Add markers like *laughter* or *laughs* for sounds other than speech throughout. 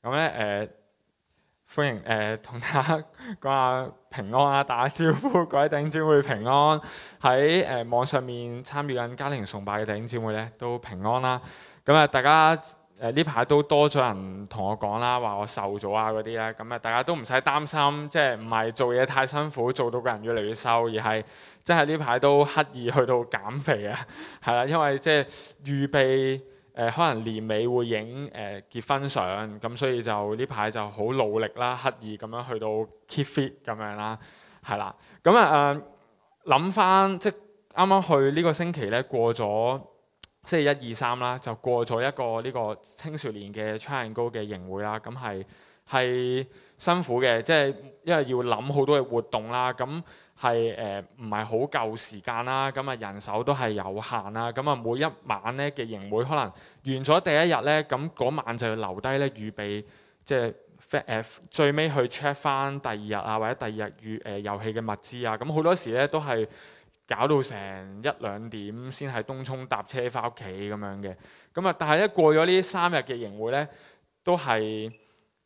咁咧誒，歡迎誒同、呃、大家講下平安啊，打招呼。各位弟兄姊妹平安，喺誒、呃、網上面參與緊家庭崇拜嘅弟兄姊妹咧都平安啦。咁啊，大家誒呢排都多咗人同我講啦，話我瘦咗啊嗰啲咧。咁啊，大家都唔使擔心，即係唔係做嘢太辛苦，做到個人越嚟越瘦，而係即係呢排都刻意去到減肥啊，係 *laughs* 啦，因為即係預備。誒、呃、可能年尾會影誒、呃、結婚相，咁所以就呢排就好努力啦，刻意咁樣去到 keep fit 咁樣啦，係啦。咁啊誒，諗、呃、翻即係啱啱去呢個星期咧過咗即係一二三啦，就過咗一個呢、呢個青少年嘅 try and go 嘅營會啦。咁係係辛苦嘅，即係因為要諗好多嘅活動啦，咁。係誒唔係好夠時間啦，咁啊人手都係有限啦，咁啊每一晚咧嘅營會可能完咗第一日咧，咁嗰晚就要留低咧預備，即係誒、呃、最尾去 check 翻第二日啊或者第二日預誒遊戲嘅物資啊，咁好多時咧都係搞到成一兩點先係東涌搭車翻屋企咁樣嘅，咁啊但係一過咗呢三日嘅營會咧，都係。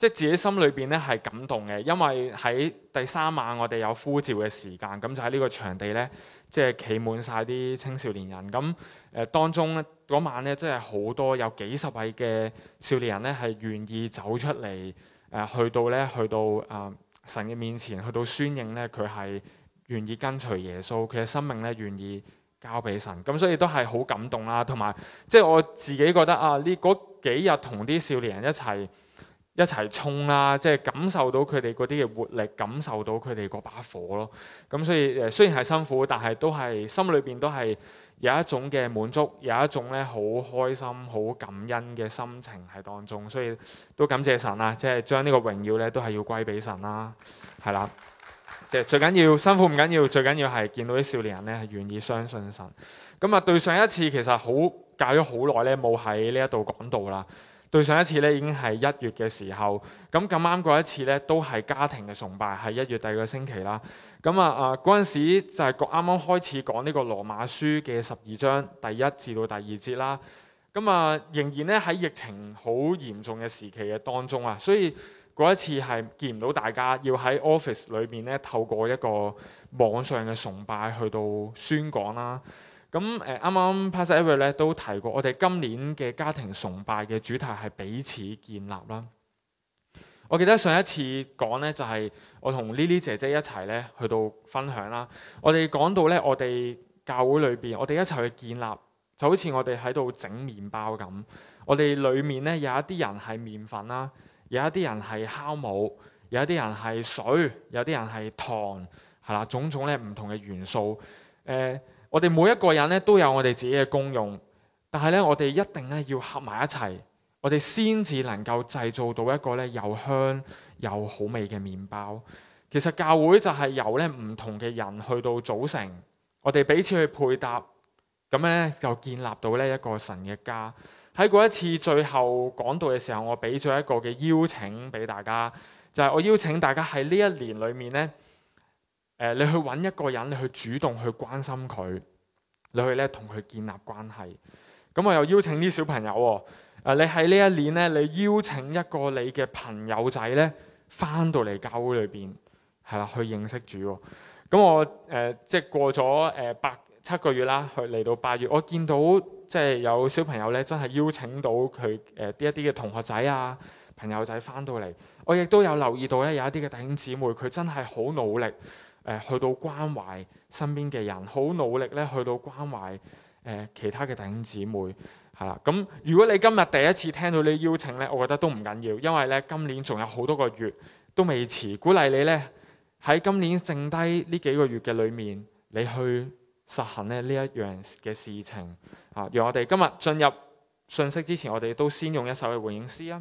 即係自己心裏邊咧係感動嘅，因為喺第三晚我哋有呼召嘅時間，咁就喺呢個場地咧，即係企滿晒啲青少年人。咁誒當中咧晚咧，即係好多有幾十位嘅少年人咧，係願意走出嚟誒去到咧去到啊神嘅面前，去到宣認咧佢係願意跟隨耶穌，佢嘅生命咧願意交俾神。咁所以都係好感動啦，同埋即係我自己覺得啊，呢嗰幾日同啲少年人一齊。一齊衝啦，即係感受到佢哋嗰啲嘅活力，感受到佢哋嗰把火咯。咁所以誒，雖然係辛苦，但係都係心裏邊都係有一種嘅滿足，有一種咧好開心、好感恩嘅心情喺當中。所以都感謝神啦，即係將呢個榮耀咧都係要歸俾神啦。係啦，即係最緊要辛苦唔緊要，最緊要係見到啲少年人咧係願意相信神。咁啊，對上一次其實好教咗好耐咧，冇喺呢一度講道啦。對上一次咧已經係一月嘅時候，咁咁啱過一次咧都係家庭嘅崇拜，係一月第二個星期啦。咁啊啊嗰陣時就係剛啱開始講呢個羅馬書嘅十二章第一至到第二節啦。咁啊仍然咧喺疫情好嚴重嘅時期嘅當中啊，所以嗰一次係見唔到大家要喺 office 裏面咧透過一個網上嘅崇拜去到宣講啦。咁誒，啱啱 Pastor Eva 咧都提過，我哋今年嘅家庭崇拜嘅主題係彼此建立啦。我記得上一次講咧，就係、是、我同 Lily 姐姐一齊咧去到分享啦。我哋講到咧，我哋教會裏邊，我哋一齊去建立，就好似我哋喺度整麵包咁。我哋裏面咧有一啲人係麵粉啦，有一啲人係酵母，有一啲人係水，有啲人係糖，係啦，種種咧唔同嘅元素，誒、呃。我哋每一個人咧都有我哋自己嘅功用，但係咧我哋一定咧要合埋一齊，我哋先至能夠製造到一個咧又香又好味嘅麵包。其實教會就係由咧唔同嘅人去到組成，我哋彼此去配搭，咁咧就建立到呢一個神嘅家。喺嗰一次最後講道嘅時候，我俾咗一個嘅邀請俾大家，就係、是、我邀請大家喺呢一年裏面咧。誒，你去揾一個人，你去主動去關心佢，你去咧同佢建立關係。咁我又邀請啲小朋友喎、哦。你喺呢一年咧，你邀請一個你嘅朋友仔咧，翻到嚟教會裏邊，係啦，去認識主、哦。咁我誒、呃，即係過咗誒八七個月啦，去嚟到八月，我見到即係有小朋友咧，真係邀請到佢誒啲一啲嘅同學仔啊、朋友仔翻到嚟。我亦都有留意到咧，有一啲嘅弟兄姊妹，佢真係好努力。誒，去到關懷身邊嘅人，好努力咧，去到關懷誒其他嘅弟兄姊妹，係啦。咁如果你今日第一次聽到你邀請呢，我覺得都唔緊要，因為咧今年仲有好多個月都未遲，鼓勵你呢，喺今年剩低呢幾個月嘅裏面，你去實行呢一樣嘅事情啊。讓我哋今日進入信息之前，我哋都先用一首嘅回應詩啊，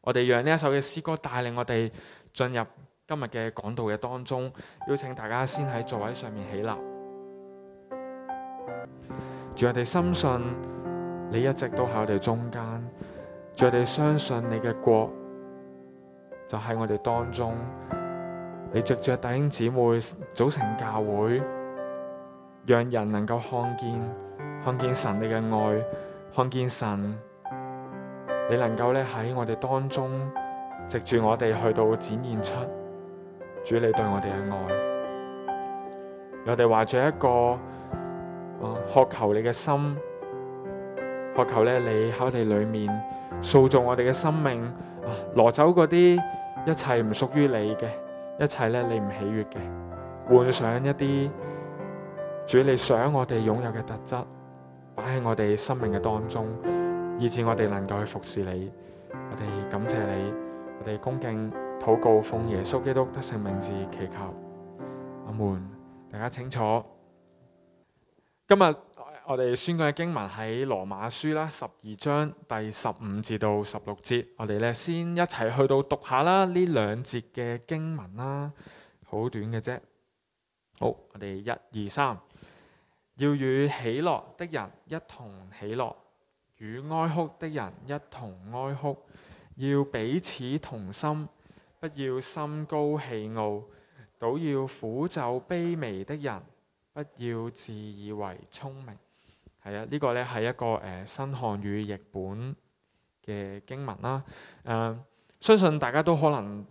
我哋讓呢一首嘅詩歌帶領我哋進入。今日嘅講道嘅當中，邀請大家先喺座位上面起立。住我哋深信你一直都喺我哋中間，住我哋相信你嘅國就喺我哋當中。你藉着弟兄姊妹組成教會，讓人能夠看見看見神你嘅愛，看見神你能夠咧喺我哋當中，藉住我哋去到展現出。主你對我哋嘅愛，我哋懷着一個渴、呃、求你嘅心，渴求咧你喺我哋裏面塑造我哋嘅生命，攞、啊、走嗰啲一切唔屬於你嘅，一切咧你唔喜悅嘅，換上一啲主你想我哋擁有嘅特質，擺喺我哋生命嘅當中，以致我哋能夠去服侍你，我哋感謝你，我哋恭敬。禱告，奉耶穌基督的聖名字祈求，阿門。大家請坐，今日我哋宣講嘅經文喺羅馬書啦，十二章第十五至到十六節，我哋咧先一齊去到讀下啦。呢兩節嘅經文啦，好短嘅啫。好，我哋一二三，要與喜樂的人一同喜樂，與哀哭的人一同哀哭，要彼此同心，不要心高氣傲，倒要俯就卑微的人；不要自以為聰明。係啊，這個、呢個咧係一個誒、呃、新漢語譯本嘅經文啦、呃。相信大家都可能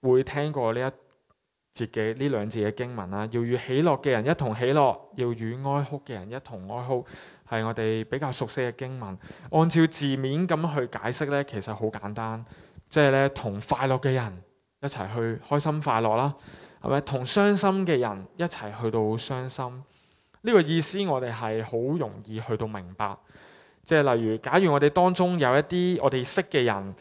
會聽過呢一節嘅呢兩節嘅經文啦。要與喜樂嘅人一同喜樂，要與哀哭嘅人一同哀哭，係我哋比較熟悉嘅經文。按照字面咁去解釋呢，其實好簡單。即係咧，同快樂嘅人一齊去開心快樂啦，係咪？同傷心嘅人一齊去到傷心，呢個意思我哋係好容易去到明白。即係例如，假如我哋當中有一啲我哋識嘅人，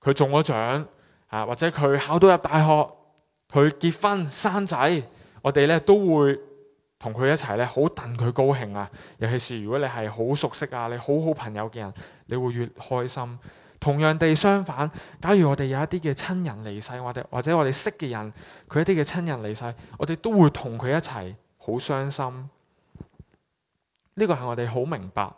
佢中咗獎啊，或者佢考到入大學，佢結婚生仔，我哋咧都會同佢一齊咧好戥佢高興啊！尤其是如果你係好熟悉啊，你好好朋友嘅人，你會越開心。同樣地，相反，假如我哋有一啲嘅親人離世，我哋或者我哋識嘅人佢一啲嘅親人離世，我哋都會同佢一齊好傷心。呢個係我哋好明白，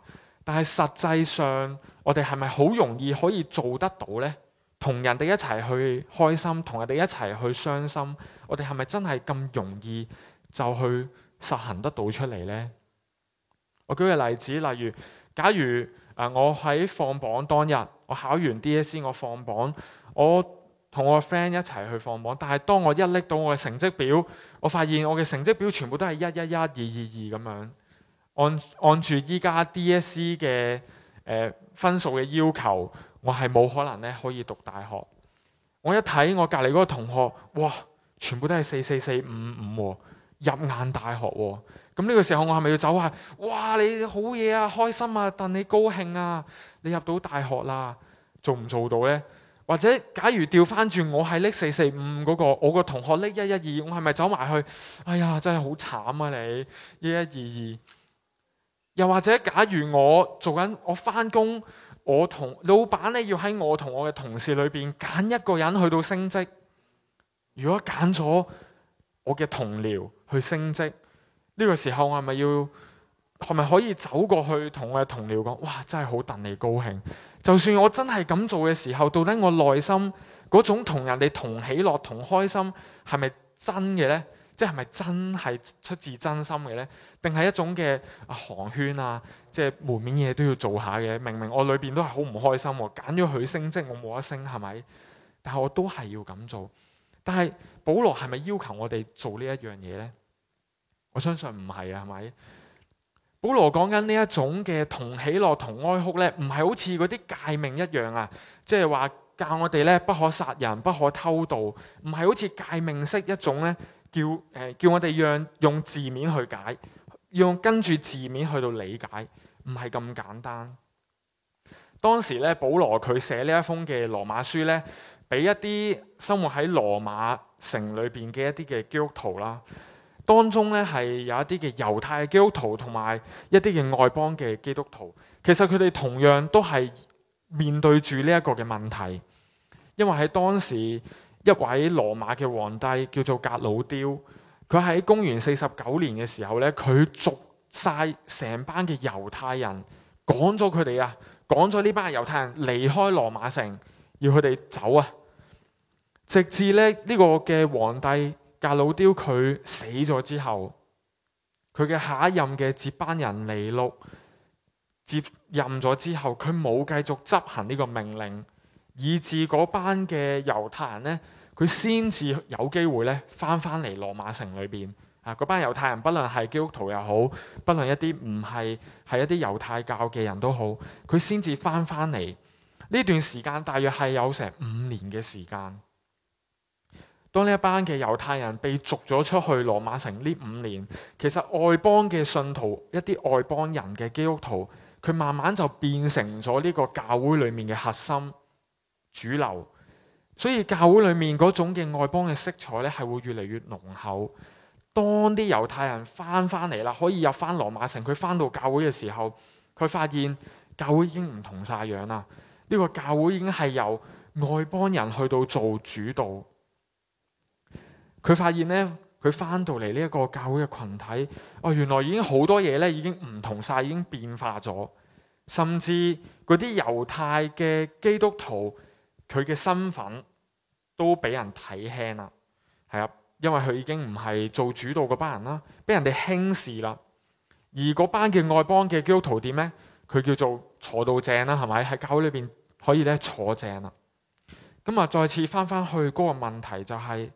但係實際上我哋係咪好容易可以做得到呢？同人哋一齊去開心，同人哋一齊去傷心，我哋係咪真係咁容易就去實行得到出嚟呢？我舉個例子，例如假如啊，我喺放榜當日。我考完 DSE 我放榜，我同我個 friend 一齊去放榜，但係當我一拎到我嘅成績表，我發現我嘅成績表全部都係一一一二二二咁樣，按按住依家 DSE 嘅誒分數嘅要求，我係冇可能咧可以讀大學。我一睇我隔籬嗰個同學，哇，全部都係四四四五五哦，入眼大學、哦。咁呢個時候我係咪要走啊？「哇，你好嘢啊，開心啊，戥你高興啊！你入到大學啦，做唔做到呢？」或者假如調翻轉，我係拎四四五嗰個，我個同學拎一一二，我係咪走埋去？哎呀，真係好慘啊！你一一二二，又或者假如我做緊我翻工，我同老闆咧要喺我同我嘅同事裏邊揀一個人去到升職，如果揀咗我嘅同僚去升職。呢個時候我係咪要係咪可以走過去同我嘅同僚講，哇，真係好戥你高興。就算我真係咁做嘅時候，到底我內心嗰種同人哋同喜樂、同開心係咪真嘅呢？即係咪真係出自真心嘅呢？定係一種嘅寒暄啊，即係門面嘢都要做下嘅，明明我裏邊都係好唔開心，揀咗佢升職我冇得升，係咪？但係我都係要咁做。但係保羅係咪要求我哋做呢一樣嘢呢？我相信唔係啊，係咪？保羅講緊呢一種嘅同喜樂、同哀哭咧，唔係好似嗰啲誡命一樣啊，即係話教我哋咧，不可殺人、不可偷盜，唔係好似誡命式一種咧，叫誒、呃、叫我哋用用字面去解，用跟住字面去到理解，唔係咁簡單。當時咧保羅佢寫呢一封嘅羅馬書咧，俾一啲生活喺羅馬城裏邊嘅一啲嘅基督徒啦。當中咧係有一啲嘅猶太基督徒同埋一啲嘅外邦嘅基督徒，其實佢哋同樣都係面對住呢一個嘅問題，因為喺當時一位羅馬嘅皇帝叫做革老丟，佢喺公元四十九年嘅時候咧，佢逐晒成班嘅猶太人，趕咗佢哋啊，趕咗呢班嘅猶太人離開羅馬城，要佢哋走啊，直至咧呢個嘅皇帝。革老丟佢死咗之後，佢嘅下一任嘅接班人尼祿接任咗之後，佢冇繼續執行呢個命令，以至嗰班嘅猶太人呢，佢先至有機會咧翻翻嚟羅馬城裏邊啊！嗰班猶太人不論係基督徒又好，不論一啲唔係係一啲猶太教嘅人都好，佢先至翻翻嚟。呢段時間大約係有成五年嘅時間。當呢一班嘅猶太人被逐咗出去羅馬城呢五年，其實外邦嘅信徒，一啲外邦人嘅基督徒，佢慢慢就變成咗呢個教會裏面嘅核心主流。所以教會裏面嗰種嘅外邦嘅色彩咧，係會越嚟越濃厚。當啲猶太人翻翻嚟啦，可以入翻羅馬城，佢翻到教會嘅時候，佢發現教會已經唔同晒樣啦。呢個教會已經係由外邦人去到做主導。佢發現咧，佢翻到嚟呢一個教會嘅群體，哦，原來已經好多嘢咧，已經唔同晒，已經變化咗。甚至嗰啲猶太嘅基督徒，佢嘅身份都俾人睇輕啦。係啊，因為佢已經唔係做主導嗰班人啦，俾人哋輕視啦。而嗰班嘅外邦嘅基督徒點咧？佢叫做坐到正啦，係咪喺教會裏邊可以咧坐正啦？咁啊，再次翻翻去嗰個問題就係。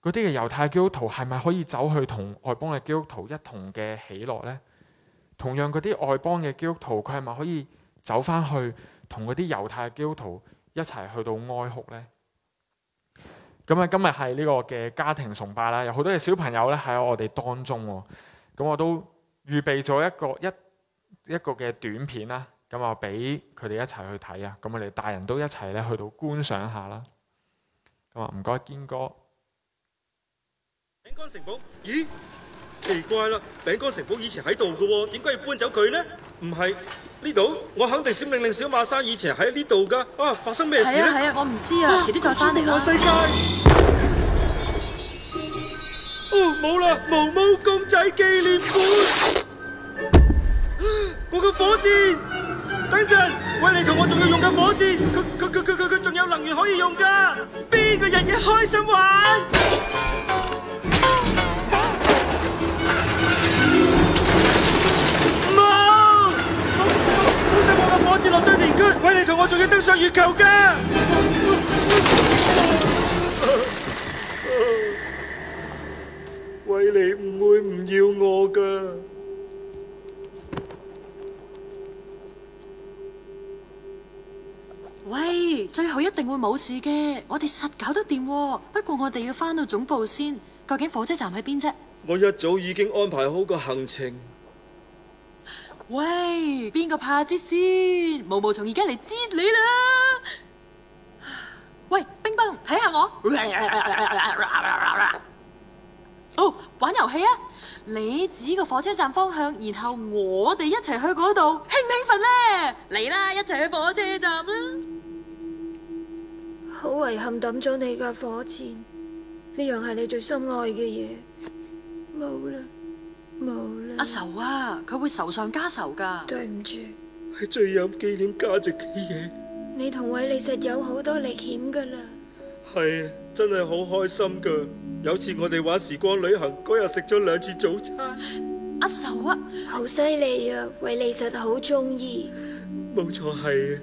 嗰啲嘅猶太基督徒係咪可以走去同外邦嘅基督徒一同嘅喜樂呢？同樣嗰啲外邦嘅基督徒，佢係咪可以走翻去同嗰啲猶太基督徒一齊去到哀哭呢？咁啊，今日係呢個嘅家庭崇拜啦，有好多嘅小朋友咧喺我哋當中喎。咁我都預備咗一個一一個嘅短片啦，咁啊，俾佢哋一齊去睇啊。咁我哋大人都一齊咧去到觀賞下啦。咁啊，唔該堅哥。餅乾城堡？咦，奇怪啦！餅乾城堡以前喺度嘅，點解要搬走佢呢？唔係呢度，我肯定小命令小馬山以前喺呢度噶。啊，發生咩事呢？係啊係啊，我唔知啊，遲啲、啊啊啊、再翻嚟啦！哦，冇啦，毛毛公仔紀念館。 *laughs* 我嘅火箭，等陣喂，你同我仲要用緊火箭，佢佢佢佢佢仲有能源可以用噶。邊個日日開心玩？冇事嘅，我哋實搞得掂。不過我哋要返到總部先。究竟火車站喺邊啫？我一早已經安排好個行程。喂，邊個怕之先？毛毛蟲而家嚟接你啦！喂，冰冰，睇下我。哦， *laughs* oh, 玩遊戲啊！你指個火車站方向，然後我哋一齊去嗰度，興唔興奮咧？嚟啦，一齊去火車站啦！好遺憾抌咗你架火箭，呢樣係你最心愛嘅嘢，冇啦，冇啦。阿愁啊，佢會愁上加愁噶。對唔住。係最有紀念價值嘅嘢。你同韋利實有好多歷險噶啦。係啊，真係好開心噶。有次我哋玩時光旅行嗰日，食咗兩次早餐。阿愁啊，好犀利啊，韋利實好中意。冇錯係。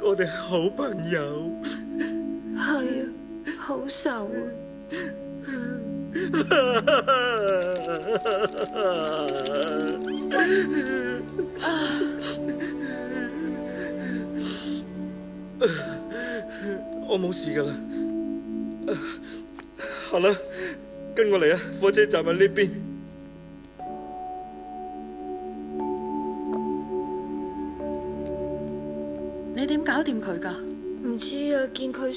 我哋好朋友，係啊，好受啊！我冇事㗎喇，好啦，跟我嚟啊，火車站喺呢邊。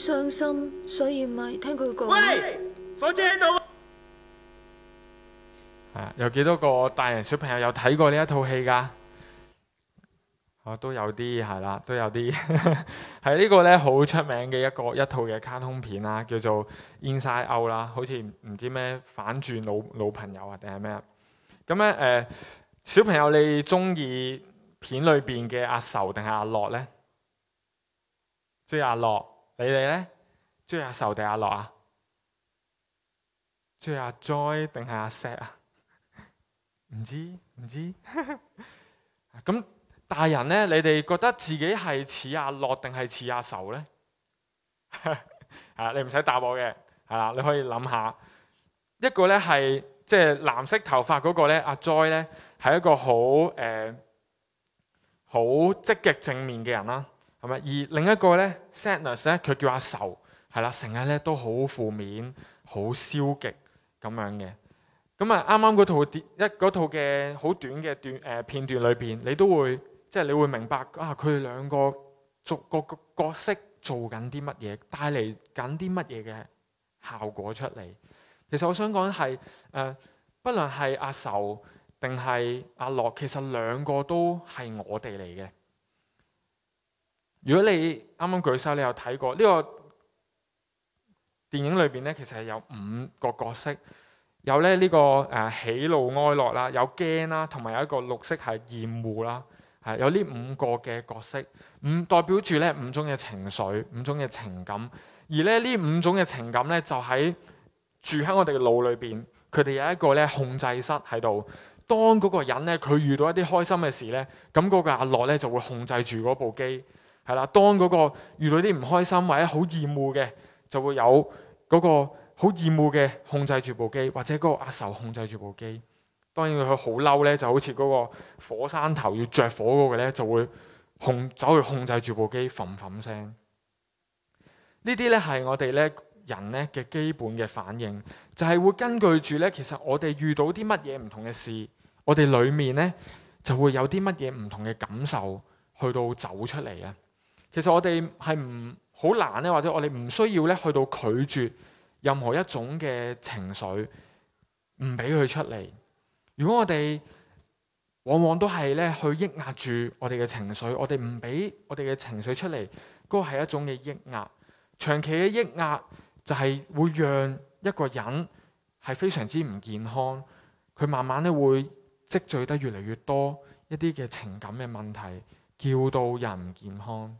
傷心，所以咪聽佢講。喂，火車喺度啊！有幾多個大人、小朋友有睇過呢一套戲噶、啊？都有啲係啦，都有啲。係 *laughs* 呢、這個呢，好出名嘅一個一套嘅卡通片啦，叫做 In Out，《Inside Out》啦，好似唔知咩反轉老老朋友啊，定係咩？咁呢，誒、呃，小朋友，你中意片裏邊嘅阿愁定係阿樂呢？中意阿樂。你哋咧追阿愁定阿樂啊？追阿 joy 定係阿 sad 啊？唔知唔知。咁 *laughs* 大人咧，你哋覺得自己係似阿樂定係似阿愁咧？啊， *laughs* 你唔使答我嘅，係啦，你可以諗下。一個咧係即係藍色頭髮嗰、嗰個咧，阿 joy 咧係一個好誒好積極正面嘅人啦。而另一個咧，Sadness 咧，佢叫阿愁，係啦，成日咧都好負面、好消極咁樣嘅。咁啊，啱啱套電一套嘅好短嘅段誒片段裏邊，你都會即係、就是、你會明白啊，佢哋兩個逐個，個個角色做緊啲乜嘢，帶嚟緊啲乜嘢嘅效果出嚟。其實我想講係誒，不論係阿愁定係阿樂，其實兩個都係我哋嚟嘅。如果你啱啱舉手，你有睇過呢個電影裏邊咧，其實係有五個角色，有咧呢個誒喜怒哀樂啦，有驚啦，同埋有一個綠色係厭惡啦，係有呢五個嘅角色，五代表住咧五種嘅情緒，五種嘅情感，而咧呢五種嘅情感咧就喺住喺我哋嘅腦裏邊，佢哋有一個咧控制室喺度。當嗰個人咧佢遇到一啲開心嘅事咧，咁嗰個阿樂咧就會控制住嗰部機。係啦，當嗰個遇到啲唔開心或者好厭惡嘅，就會有嗰個好厭惡嘅控制住部機，或者嗰個壓愁控制住部機。當然佢好嬲咧，就好似嗰個火山頭要着火嗰個咧，就會控走去控制住部機，冚冚聲。呢啲咧係我哋咧人咧嘅基本嘅反應，就係會根據住咧，其實我哋遇到啲乜嘢唔同嘅事，我哋裏面咧就會有啲乜嘢唔同嘅感受，去到走出嚟啊。其實我哋係唔好難咧，或者我哋唔需要咧去到拒絕任何一種嘅情緒，唔俾佢出嚟。如果我哋往往都係咧去抑壓住我哋嘅情緒，我哋唔俾我哋嘅情緒出嚟，嗰個係一種嘅抑壓。長期嘅抑壓就係會讓一個人係非常之唔健康。佢慢慢咧會積聚得越嚟越多一啲嘅情感嘅問題，叫到人唔健康。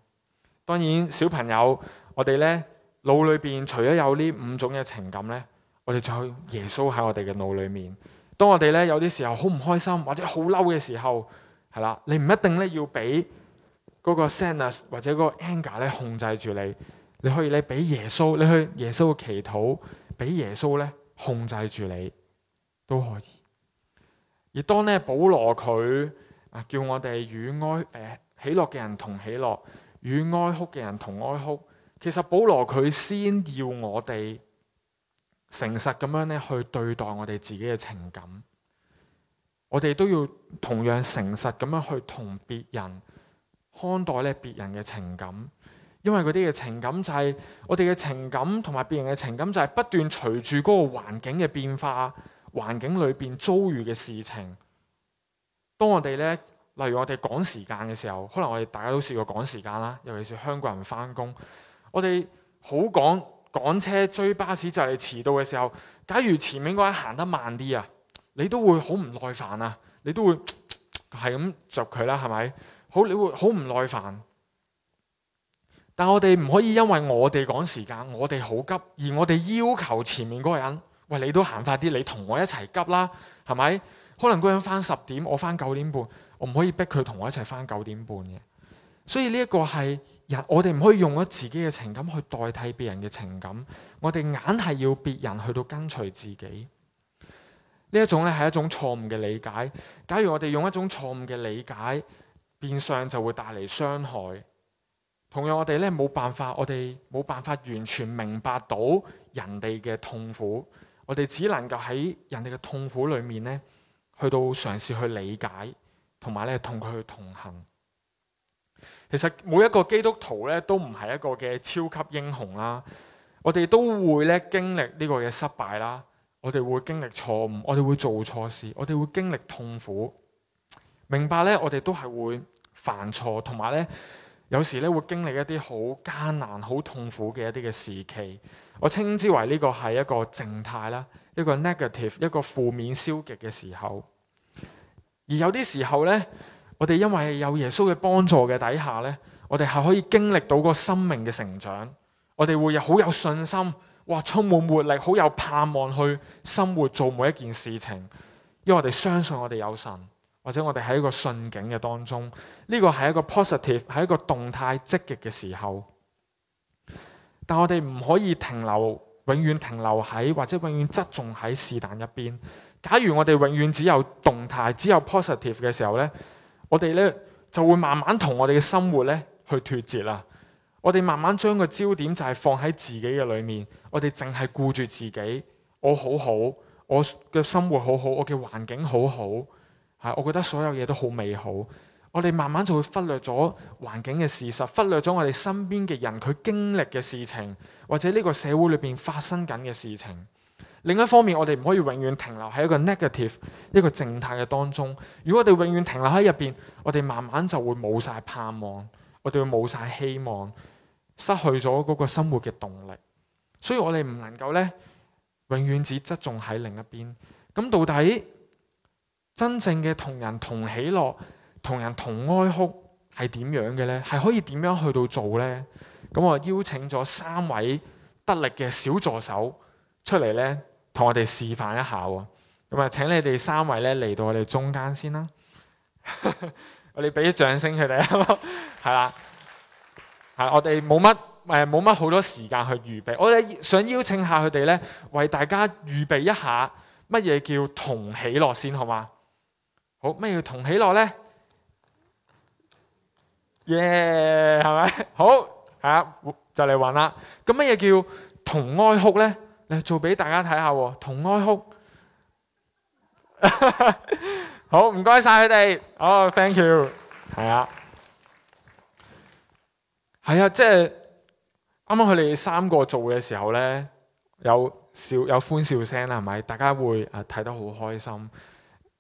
當然，小朋友，我哋咧腦裏邊除咗有呢五種嘅情感咧，我哋仲有耶穌喺我哋嘅腦裏面。當我哋咧有啲時候好唔開心或者好嬲嘅時候，係啦，你唔一定咧要俾嗰個 sadness 或者嗰個 anger 咧控制住你，你可以咧俾耶穌，你去耶穌嘅祈禱，俾耶穌咧控制住你都可以。而當咧保羅佢啊叫我哋與哀誒、呃、喜樂嘅人同喜樂。與哀哭嘅人同哀哭，其實保羅佢先要我哋誠實咁樣咧去對待我哋自己嘅情感，我哋都要同樣誠實咁樣去同別人看待咧別人嘅情感，因為嗰啲嘅情感就係、是、我哋嘅情感同埋別人嘅情感就係不斷隨住嗰個環境嘅變化，環境裏邊遭遇嘅事情，當我哋咧。例如我哋趕時間嘅時候，可能我哋大家都試過趕時間啦，尤其是香港人翻工，我哋好趕趕車追巴士就係遲到嘅時候。假如前面嗰個人行得慢啲啊，你都會好唔耐煩啊，你都會係咁着佢啦，係咪？好，你會好唔耐煩。但我哋唔可以因為我哋趕時間，我哋好急，而我哋要求前面嗰個人，喂你都行快啲，你同我一齊急啦，係咪？可能嗰個人翻十點，我翻九點半。我唔可以逼佢同我一齊翻九點半嘅，所以呢一個係人，我哋唔可以用咗自己嘅情感去代替別人嘅情感，我哋硬係要別人去到跟隨自己。呢一種咧係一種錯誤嘅理解。假如我哋用一種錯誤嘅理解，變相就會帶嚟傷害。同樣我哋咧冇辦法，我哋冇辦法完全明白到人哋嘅痛苦，我哋只能夠喺人哋嘅痛苦裏面咧，去到嘗試去理解。同埋咧，同佢去同行。其實每一個基督徒咧，都唔係一個嘅超級英雄啦。我哋都會咧經歷呢個嘅失敗啦，我哋會經歷錯誤，我哋會做錯事，我哋會經歷痛苦。明白咧，我哋都係會犯錯，同埋咧，有時咧會經歷一啲好艱難、好痛苦嘅一啲嘅時期。我稱之為呢個係一個靜態啦，一個 negative，一個負面、消極嘅時候。而有啲時候呢，我哋因為有耶穌嘅幫助嘅底下呢，我哋係可以經歷到個生命嘅成長，我哋會好有，有信心，哇，充滿活力，好有盼望去生活做每一件事情，因為我哋相信我哋有神，或者我哋喺一個順境嘅當中，呢個係一個 positive，係一個動態積極嘅時候。但我哋唔可以停留，永遠停留喺或者永遠側重喺是但一邊。假如我哋永遠只有動態，只有 positive 嘅時候咧，我哋咧就會慢慢同我哋嘅生活咧去脫節啦。我哋慢慢將個焦點就係放喺自己嘅裏面，我哋淨係顧住自己，我好好，我嘅生活好好，我嘅環境好好，吓，我覺得所有嘢都好美好。我哋慢慢就會忽略咗環境嘅事實，忽略咗我哋身邊嘅人佢經歷嘅事情，或者呢個社會裏邊發生緊嘅事情。另一方面，我哋唔可以永遠停留喺一個 negative，一個靜態嘅當中。如果我哋永遠停留喺入邊，我哋慢慢就會冇晒盼望，我哋會冇晒希望，失去咗嗰個生活嘅動力。所以我哋唔能夠呢，永遠只側重喺另一邊。咁到底真正嘅同人同喜樂、同人同哀哭係點樣嘅呢？係可以點樣去到做呢？咁我邀請咗三位得力嘅小助手出嚟呢。同我哋示範一下喎、哦，咁啊，請你哋三位咧嚟到我哋中間先啦。 *laughs* 我哋俾啲掌聲佢哋，係 *laughs* 啦是的，係 *laughs* 我哋冇乜誒，冇乜好多時間去預備。我哋想邀請下佢哋咧，為大家預備一下乜嘢叫同喜樂先，好嘛？好，乜嘢叫同喜樂咧？耶，係咪？好，係啊，就嚟玩啦。咁乜嘢叫同哀哭咧？做俾大家睇下，同哀哭。 *laughs* 好，唔該晒佢哋。哦，thank you。係啊，係啊，即係啱啱佢哋三個做嘅時候呢，有笑有歡笑聲啦，係咪？大家會啊睇得好開心。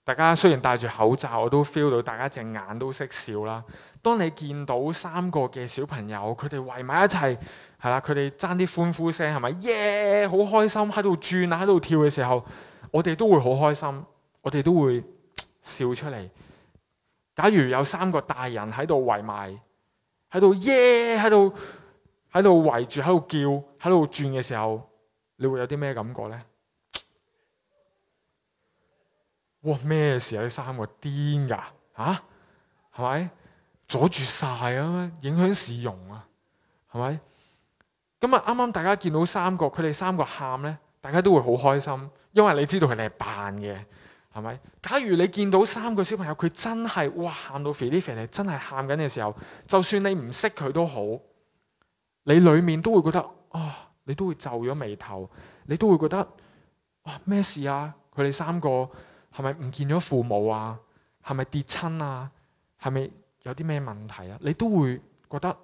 大家雖然戴住口罩，我都 feel 到大家隻眼都識笑啦。當你見到三個嘅小朋友，佢哋圍埋一齊。係啦，佢哋爭啲歡呼聲係咪？耶，好、yeah, 開心喺度轉啊，喺度跳嘅時候，我哋都會好開心，我哋都會笑出嚟。假如有三個大人喺度圍埋，喺度耶，喺度喺度圍住喺度叫，喺度轉嘅時候，你會有啲咩感覺咧？哇！咩事啊？呢三個癲㗎吓，係咪、啊啊、阻住晒咁啊？影響市容啊，係咪？咁啊！啱啱大家見到三個，佢哋三個喊，咧，大家都會好開心，因為你知道佢哋係扮嘅，係咪？假如你見到三個小朋友，佢真係哇喊到肥啲肥啲，真係喊緊嘅時候，就算你唔識佢都好，你裏面都會覺得啊、哦，你都會皺咗眉頭，你都會覺得哇咩、哦、事啊？佢哋三個，係咪唔見咗父母啊？係咪跌親啊？係咪有啲咩問題啊？你都會覺得。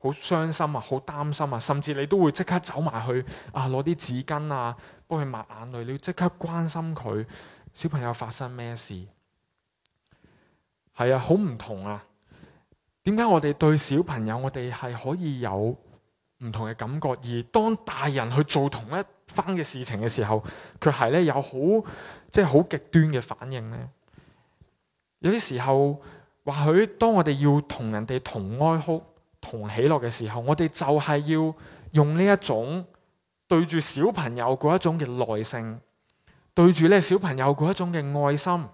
好傷心啊！好擔心啊！甚至你都會即刻走埋去啊，攞啲紙巾啊，幫佢抹眼淚。你要即刻關心佢。小朋友發生咩事？係啊，好唔同啊！點解我哋對小朋友，我哋係可以有唔同嘅感覺，而當大人去做同一番嘅事情嘅時候，佢係咧有好，即係好極端嘅反應呢。有啲時候，或許當我哋要同人哋同哀哭。同喜樂嘅時候，我哋就係要用呢一種對住小朋友嗰一種嘅耐性，對住呢小朋友嗰一種嘅愛心，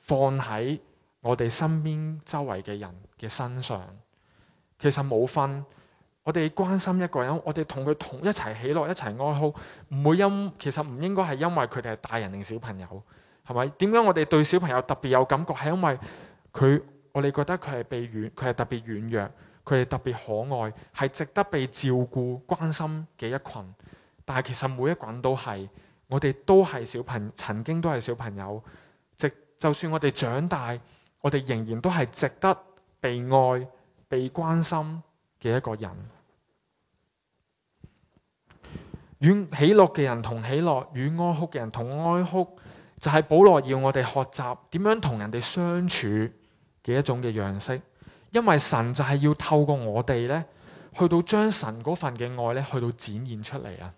放喺我哋身邊周圍嘅人嘅身上。其實冇分，我哋關心一個人，我哋同佢同一齊喜樂，一齊哀哭，唔會因其實唔應該係因為佢哋係大人定小朋友，係咪？點解我哋對小朋友特別有感覺？係因為佢我哋覺得佢係被軟，佢係特別軟弱。佢哋特別可愛，係值得被照顧、關心嘅一群。但係其實每一羣都係我哋，都係小朋友，曾經都係小朋友。就就算我哋長大，我哋仍然都係值得被愛、被關心嘅一個人。與喜樂嘅人同喜樂，與哀哭嘅人同哀哭，就係、是、保羅要我哋學習點樣同人哋相處嘅一種嘅樣式。因為神就係要透過我哋咧，去到將神嗰份嘅愛咧，去到展現出嚟啊，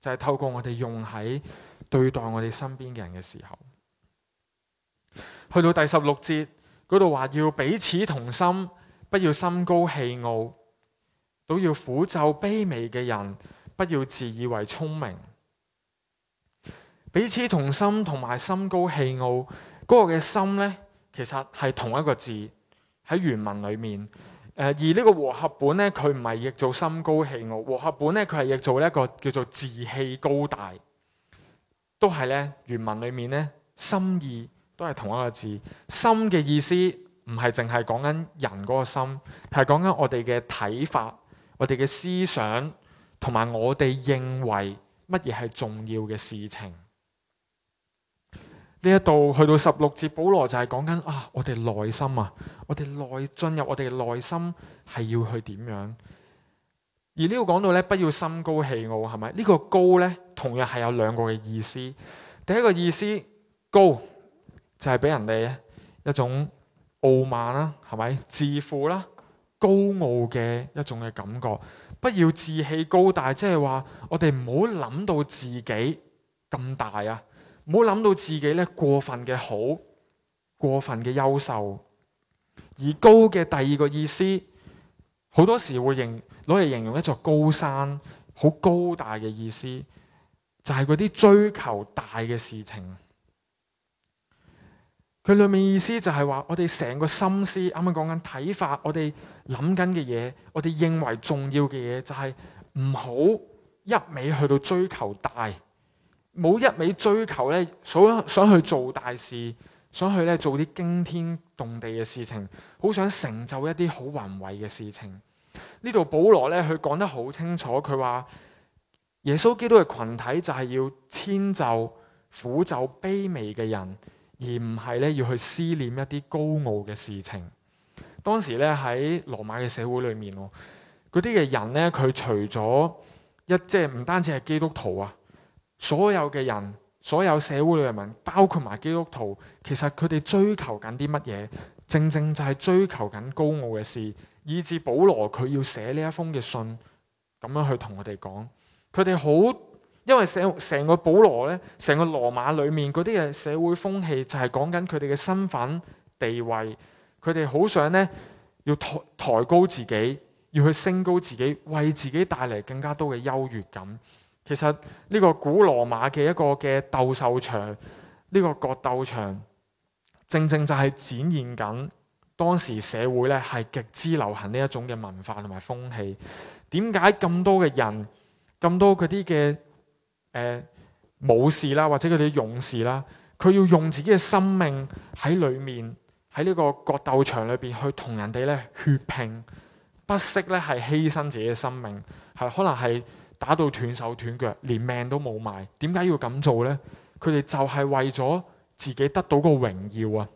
就係、是、透過我哋用喺對待我哋身邊嘅人嘅時候，去到第十六節嗰度話要彼此同心，不要心高氣傲，都要俯就卑微嘅人，不要自以為聰明。彼此同心同埋心高氣傲嗰、那個嘅心咧，其實係同一個字。喺原文裏面，呃、而呢個和合本咧，佢唔係譯做心高氣傲，和合本咧，佢係譯做一個叫做志氣高大，都係咧原文裏面咧，心意都係同一個字。心嘅意思唔係淨係講緊人嗰個心，係講緊我哋嘅睇法，我哋嘅思想同埋我哋認為乜嘢係重要嘅事情。呢一度去到十六節，保羅就係講緊啊，我哋內心啊，我哋內進入我哋內心係要去點樣？而呢個講到咧，不要心高氣傲，係咪？呢個高咧，同樣係有兩個嘅意思。第一個意思高就係俾人哋一種傲慢啦，係咪？自負啦，高傲嘅一種嘅感覺。不要志氣高大，即係話我哋唔好諗到自己咁大啊。唔好諗到自己咧過分嘅好，過分嘅優秀，而高嘅第二個意思，好多時會形攞嚟形容一座高山，好高大嘅意思，就係嗰啲追求大嘅事情。佢裏面意思就係話，我哋成個心思啱啱講緊睇法，我哋諗緊嘅嘢，我哋認為重要嘅嘢，就是，就係唔好一味去到追求大。冇一味追求咧，想想去做大事，想去咧做啲驚天動地嘅事情，好想成就一啲好宏偉嘅事情。呢度保羅咧，佢講得好清楚，佢話耶穌基督嘅群體就係要遷就、俯就卑微嘅人，而唔係咧要去思念一啲高傲嘅事情。當時咧喺羅馬嘅社會裏面咯，嗰啲嘅人咧，佢除咗一即係唔單止係基督徒啊。所有嘅人，所有社會裏嘅人民，包括埋基督徒，其實佢哋追求緊啲乜嘢？正正就係追求緊高傲嘅事，以至保羅佢要寫呢一封嘅信，咁樣去同我哋講。佢哋好，因為成成個保羅呢，成個羅馬裏面嗰啲嘅社會風氣就係講緊佢哋嘅身份地位，佢哋好想呢，要抬抬高自己，要去升高自己，為自己帶嚟更加多嘅優越感。其實呢個古羅馬嘅一個嘅鬥獸場，呢個角鬥場，正正就係展現緊當時社會咧係極之流行呢一種嘅文化同埋風氣。點解咁多嘅人，咁多嗰啲嘅誒武士啦，或者嗰啲勇士啦，佢要用自己嘅生命喺裏面，喺呢個角鬥場裏邊去同人哋咧血拼，不惜咧係犧牲自己嘅生命，係可能係。打到斷手斷腳，連命都冇埋。點解要咁做呢？佢哋就係為咗自己得到個榮耀啊！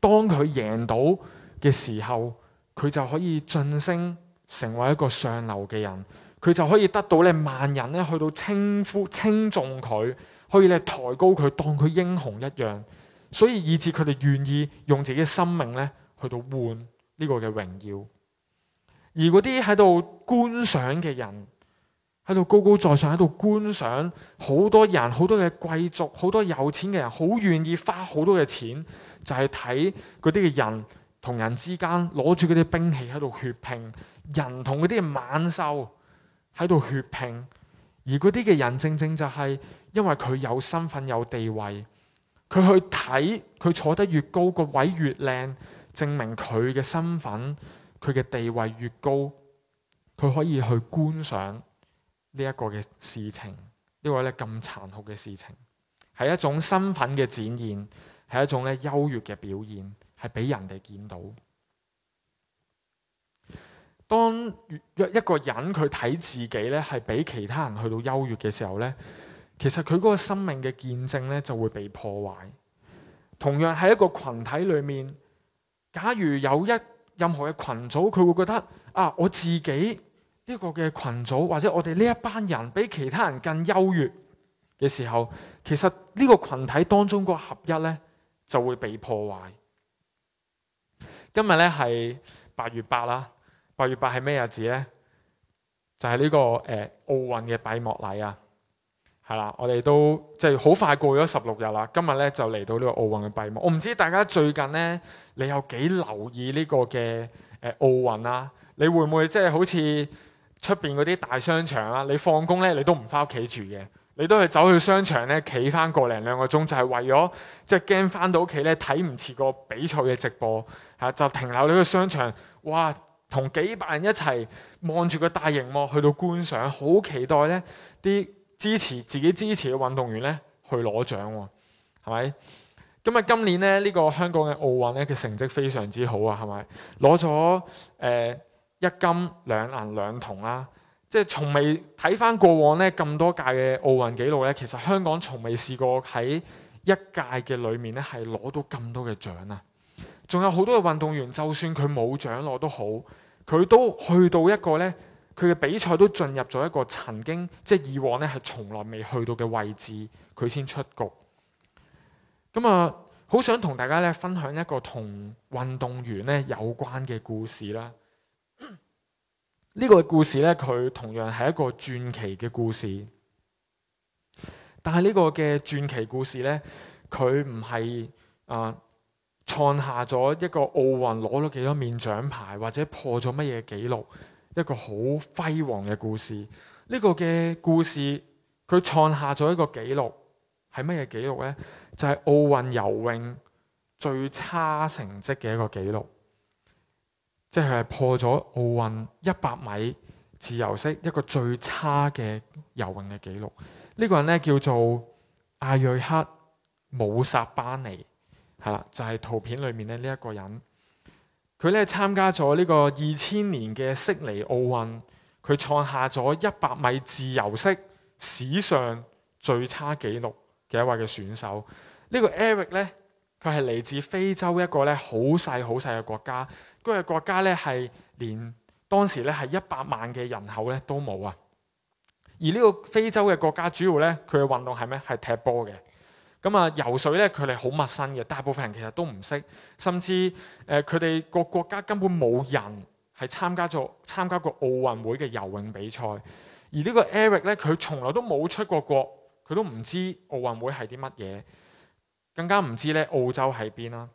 當佢贏到嘅時候，佢就可以晉升成為一個上流嘅人，佢就可以得到咧萬人咧去到稱呼、稱重佢，可以咧抬高佢，當佢英雄一樣。所以以至佢哋願意用自己嘅生命咧去到換呢個嘅榮耀。而嗰啲喺度觀賞嘅人。喺度高高在上，喺度觀賞，好多人、好多嘅貴族、好多有錢嘅人，好願意花好多嘅錢，就係睇嗰啲嘅人同人之間攞住嗰啲兵器喺度血拼，人同嗰啲嘅猛獸喺度血拼，而嗰啲嘅人正正就係因為佢有身份有地位，佢去睇佢坐得越高個位越靚，證明佢嘅身份佢嘅地位越高，佢可以去觀賞。呢一個嘅事情，這個、呢個咧咁殘酷嘅事情，係一種身份嘅展現，係一種咧優越嘅表現，係俾人哋見到。當若一個人佢睇自己咧係比其他人去到優越嘅時候咧，其實佢嗰個生命嘅見證咧就會被破壞。同樣喺一個群體裏面，假如有一任何嘅群組，佢會覺得啊，我自己。呢個嘅群組或者我哋呢一班人比其他人更優越嘅時候，其實呢個群體當中個合一呢就會被破壞。今日呢係八月八啦，八月八係咩日子呢？就係呢個誒奧運嘅閉幕禮啊，係啦，我哋都即係好快過咗十六日啦。今日呢就嚟到呢個奧運嘅閉幕。我唔知大家最近呢，你有幾留意呢個嘅誒奧運啊？你會唔會即係好似？出邊嗰啲大商場啊，你放工咧，你都唔翻屋企住嘅，你都係走去商場咧，企翻個零兩個鐘，就係為咗即係驚翻到屋企咧睇唔切個比賽嘅直播嚇，就停留喺個商場，哇，同幾百人一齊望住個大螢幕去到觀賞，好期待咧啲支持自己支持嘅運動員咧去攞獎喎，係咪？咁啊，今年咧呢個香港嘅奧運咧嘅成績非常之好啊，係咪攞咗誒？一金兩銀兩銅啦，即係從未睇返過往咧咁多屆嘅奧運紀錄咧，其實香港從未試過喺一屆嘅裏面咧係攞到咁多嘅獎啊！仲有好多嘅運動員，就算佢冇獎攞都好，佢都去到一個咧，佢嘅比賽都進入咗一個曾經即係以往咧係從來未去到嘅位置，佢先出局。咁啊，好想同大家咧分享一個同運動員咧有關嘅故事啦。呢個故事呢，佢同樣係一個傳奇嘅故事。但係呢個嘅傳奇故事呢，佢唔係啊創下咗一個奧運攞咗幾多面獎牌，或者破咗乜嘢紀錄，一個好輝煌嘅故事。呢個嘅故事，佢創下咗一個紀錄，係乜嘢紀錄呢？就係奧運游泳最差成績嘅一個紀錄。即係破咗奧運一百米自由式一個最差嘅游泳嘅紀錄。呢個人咧叫做阿瑞克·姆薩巴尼，係啦，就係圖片裏面咧呢一個人。佢咧參加咗呢個二千年嘅悉尼奧運，佢創下咗一百米自由式史上最差紀錄嘅一位嘅選手。呢個 Eric 呢，佢係嚟自非洲一個咧好細好細嘅國家。嗰個國家咧係連當時咧係一百萬嘅人口咧都冇啊！而呢個非洲嘅國家主要咧，佢嘅運動係咩？係踢波嘅。咁啊，游水咧佢哋好陌生嘅，大部分人其實都唔識，甚至誒佢哋個國家根本冇人係參加咗參加過奧運會嘅游泳比賽。而呢個 Eric 咧，佢從來都冇出過國，佢都唔知奧運會係啲乜嘢，更加唔知咧澳洲喺邊啦。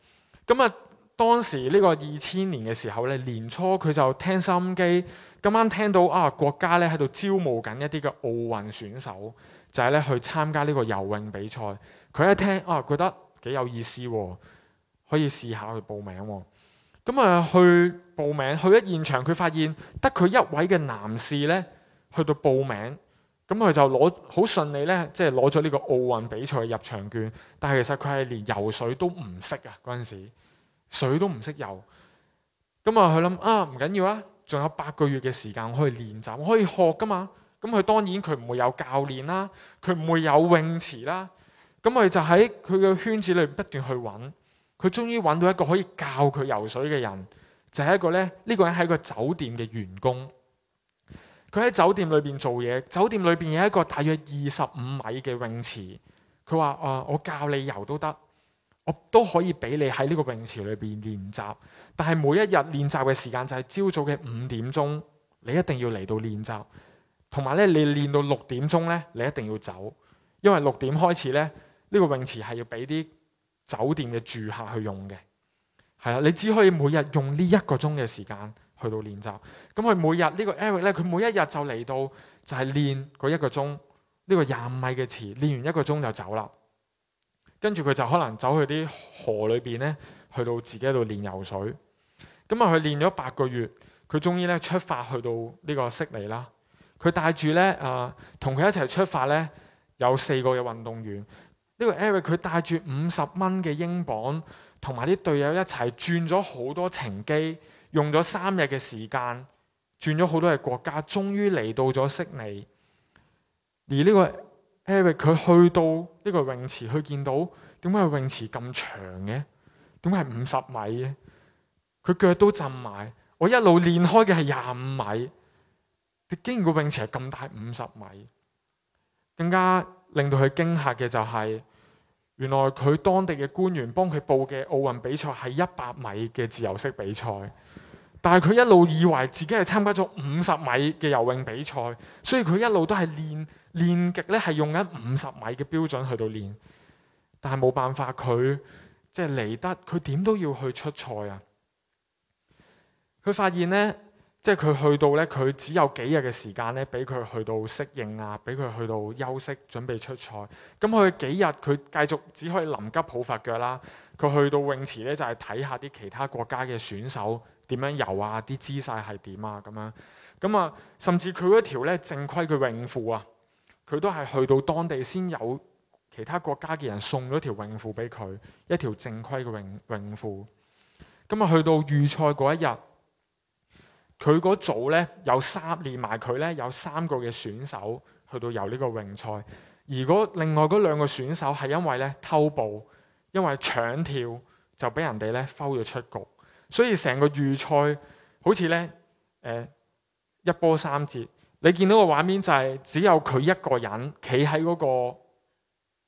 咁啊～當時呢個二千年嘅時候咧，年初佢就聽收音機，啱啱聽到啊國家咧喺度招募緊一啲嘅奧運選手，就係咧去參加呢個游泳比賽。佢一聽啊，覺得幾有意思，可以試下去報名。咁啊、呃、去報名，去咗現場，佢發現得佢一位嘅男士咧去到報名，咁佢就攞好順利咧，即係攞咗呢個奧運比賽嘅入場券。但係其實佢係連游水都唔識啊，嗰陣時。水都唔識游，咁啊佢諗啊，唔緊要啦，仲有八個月嘅時間，我可以練習，我可以學噶嘛。咁佢當然佢唔會有教練啦，佢唔會有泳池啦。咁佢就喺佢嘅圈子裏邊不斷去揾，佢終於揾到一個可以教佢游水嘅人，就係一個咧，呢個人係一個酒店嘅員工。佢喺酒店裏邊做嘢，酒店裏邊有一個大約二十五米嘅泳池。佢話誒，我教你游都得。我都可以俾你喺呢個泳池裏邊練習，但係每一日練習嘅時間就係朝早嘅五點鐘，你一定要嚟到練習，同埋咧你練到六點鐘咧，你一定要走，因為六點開始咧呢個泳池係要俾啲酒店嘅住客去用嘅。係啊，你只可以每日用呢一個鐘嘅時間去到練習。咁佢每日呢個 Eric 咧，佢每一日就嚟到就係練嗰一個鐘，呢個廿五米嘅池，練完一個鐘就走啦。跟住佢就可能走去啲河裏邊咧，去到自己喺度、嗯、練游水。咁啊，佢練咗八個月，佢終於咧出發去到個呢個悉尼啦。佢帶住咧啊，同佢一齊出發咧有四個嘅運動員。呢、呢個 Eric 佢帶住五十蚊嘅英鎊，同埋啲隊友一齊轉咗好多程機，用咗三日嘅時間，轉咗好多嘅國家，終於嚟到咗悉尼。而呢、呢個 Eric 佢去到呢個泳池，去見到點解泳池咁長嘅？點解係五十米嘅？佢腳都浸埋。我一路練開嘅係廿五米。你竟然個泳池係咁大，五十米。更加令到佢驚嚇嘅就係，原來佢當地嘅官員幫佢報嘅奧運比賽係一百米嘅自由式比賽。但係佢一路以為自己係參加咗五十米嘅游泳比賽，所以佢一路都係練。練極咧係用緊五十米嘅標準去到練，但係冇辦法佢即係嚟得，佢點都要去出賽啊！佢發現呢，即係佢去到呢，佢只有幾日嘅時間呢，俾佢去到適應啊，俾佢去到休息準備出賽。咁佢幾日佢繼續只可以臨急抱佛腳啦。佢去到泳池呢，就係睇下啲其他國家嘅選手點樣游啊，啲姿勢係點啊咁樣。咁啊，甚至佢嗰條呢，正規嘅泳褲啊。佢都係去到當地先，有其他國家嘅人送咗條泳褲俾佢，一條正規嘅泳泳褲。咁啊，去到預賽嗰一日，佢嗰組呢，有三連埋佢呢有三個嘅選手去到遊呢個泳賽。而嗰另外嗰兩個選手係因為呢偷步，因為搶跳就俾人哋呢淘汰咗出局。所以成個預賽好似呢誒、呃、一波三折。你見到個畫面就係只有佢一個人企喺嗰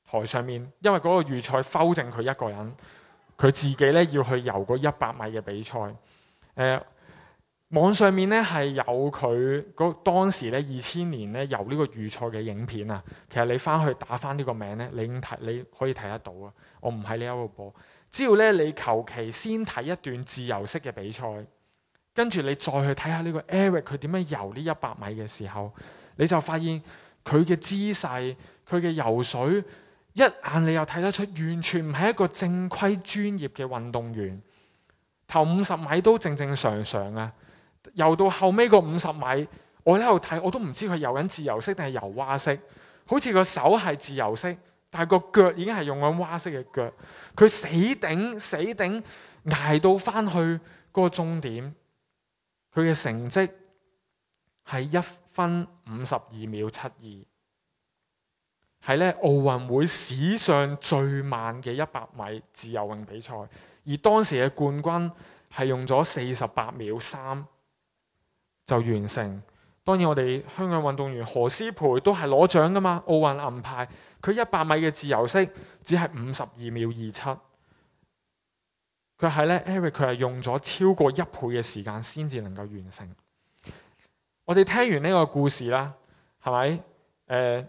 個台上面，因為嗰個預賽修正佢一個人，佢自己咧要去遊嗰一百米嘅比賽。誒、呃，網上面咧係有佢嗰當時咧二千年咧遊呢個預賽嘅影片啊。其實你翻去打翻呢個名咧，你睇你可以睇得到啊。我唔喺呢一度播，只要咧你求其先睇一段自由式嘅比賽。跟住你再去睇下呢個 Eric 佢點樣游呢一百米嘅時候，你就發現佢嘅姿勢、佢嘅游水，一眼你又睇得出，完全唔係一個正規專業嘅運動員。頭五十米都正正常常啊，游到後尾個五十米，我喺度睇我都唔知佢游緊自由式定係游蛙式，好似個手係自由式，但係個腳已經係用緊蛙式嘅腳。佢死頂死頂挨到翻去嗰個終點。佢嘅成績係一分五十二秒七二，係咧奧運會史上最慢嘅一百米自由泳比賽，而當時嘅冠軍係用咗四十八秒三就完成。當然，我哋香港運動員何詩蓓都係攞獎㗎嘛，奧運銀牌。佢一百米嘅自由式只係五十二秒二七。佢係咧，Eric，佢係用咗超過一倍嘅時間先至能夠完成。我哋聽完呢個故事啦，係咪？誒、呃，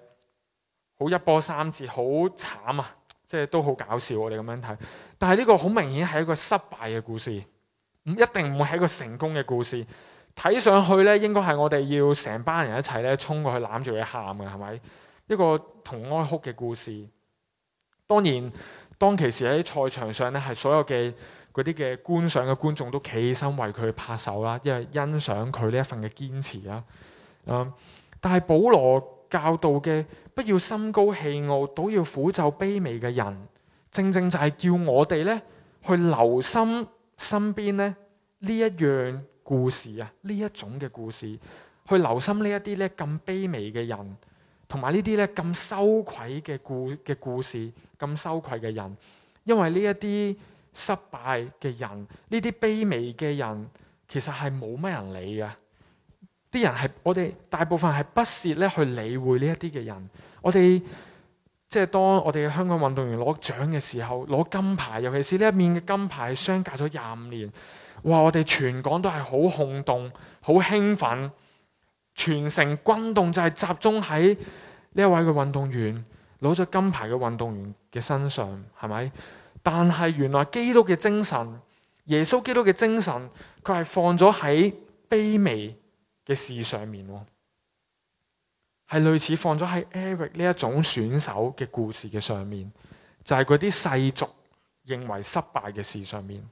好一波三折，好慘啊！即係都好搞笑，我哋咁樣睇。但係呢個好明顯係一個失敗嘅故事，唔一定唔會係一個成功嘅故事。睇上去咧，應該係我哋要成班人一齊咧衝過去攬住佢喊嘅，係咪？一個同哀哭嘅故事。當然，當其時喺賽場上咧，係所有嘅。嗰啲嘅觀賞嘅觀眾都企身為佢拍手啦，因為欣賞佢呢一份嘅堅持啦。嗯，但係保羅教導嘅不要心高氣傲，都要俯就卑微嘅人，正正就係叫我哋咧去留心身邊咧呢一樣故事啊，呢一種嘅故事，去留心呢一啲咧咁卑微嘅人，同埋呢啲咧咁羞愧嘅故嘅故事，咁羞愧嘅人，因為呢一啲。失敗嘅人，呢啲卑微嘅人，其實係冇乜人理嘅。啲人係我哋大部分係不屑咧去理會呢一啲嘅人。我哋即係當我哋嘅香港運動員攞獎嘅時候，攞金牌，尤其是呢一面嘅金牌，相隔咗廿五年，哇！我哋全港都係好轟動，好興奮，全城轟動就係集中喺呢一位嘅運動員攞咗金牌嘅運動員嘅身上，係咪？但係原來基督嘅精神，耶穌基督嘅精神，佢係放咗喺卑微嘅事上面，係類似放咗喺 Eric 呢一種選手嘅故事嘅上面，就係嗰啲世俗認為失敗嘅事上面。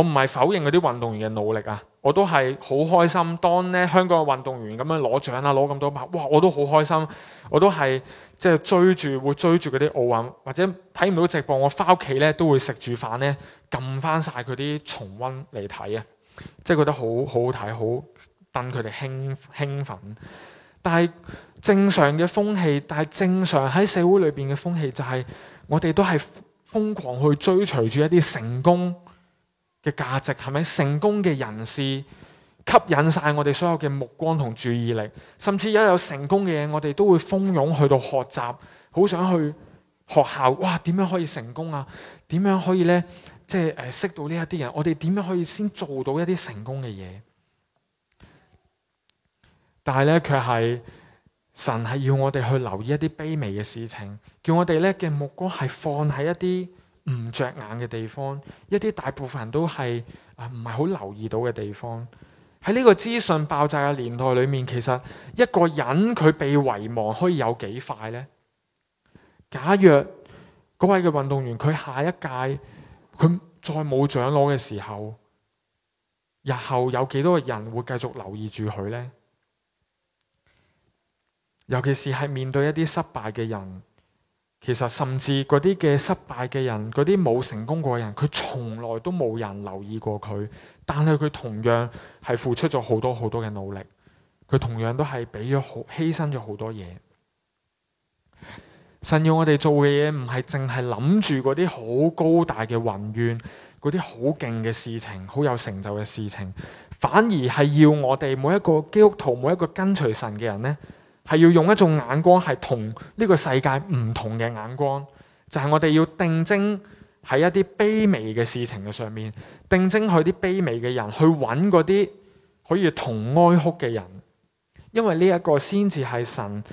我唔係否認嗰啲運動員嘅努力啊，我都係好開心。當咧香港嘅運動員咁樣攞獎啦，攞咁多牌，哇！我都好開心。我都係即係追住，會追住嗰啲奧運或者睇唔到直播。我翻屋企咧都會食住飯咧，撳翻晒佢啲重溫嚟睇啊！即係覺得好好睇，好戥佢哋興興奮。但係正常嘅風氣，但係正常喺社會裏邊嘅風氣就係，我哋都係瘋狂去追隨住一啲成功嘅價值係咪成功嘅人士吸引晒我哋所有嘅目光同注意力，甚至一有成功嘅嘢，我哋都會蜂擁去到學習，好想去學校，哇！點樣可以成功啊？點樣可以呢？即係誒，識到呢一啲人，我哋點樣可以先做到一啲成功嘅嘢？但係呢，卻係神係要我哋去留意一啲卑微嘅事情，叫我哋呢嘅目光係放喺一啲。唔着眼嘅地方，一啲大部分人都係啊唔係好留意到嘅地方。喺呢個資訊爆炸嘅年代裏面，其實一個人佢被遺忘可以有幾快咧？假若嗰位嘅運動員佢下一屆佢再冇獎攞嘅時候，日後有幾多個人會繼續留意住佢咧？尤其是係面對一啲失敗嘅人。其實甚至嗰啲嘅失敗嘅人，嗰啲冇成功過嘅人，佢從來都冇人留意過佢，但係佢同樣係付出咗好多好多嘅努力，佢同樣都係俾咗好，犧牲咗好多嘢。神要我哋做嘅嘢，唔係淨係諗住嗰啲好高大嘅宏願，嗰啲好勁嘅事情，好有成就嘅事情，反而係要我哋每一個基督徒，每一個跟隨神嘅人呢？係要用一種眼光，係同呢個世界唔同嘅眼光，就係我哋要定睛喺一啲卑微嘅事情嘅上面，定睛去啲卑微嘅人，去揾嗰啲可以同哀哭嘅人，因為呢一個先至係神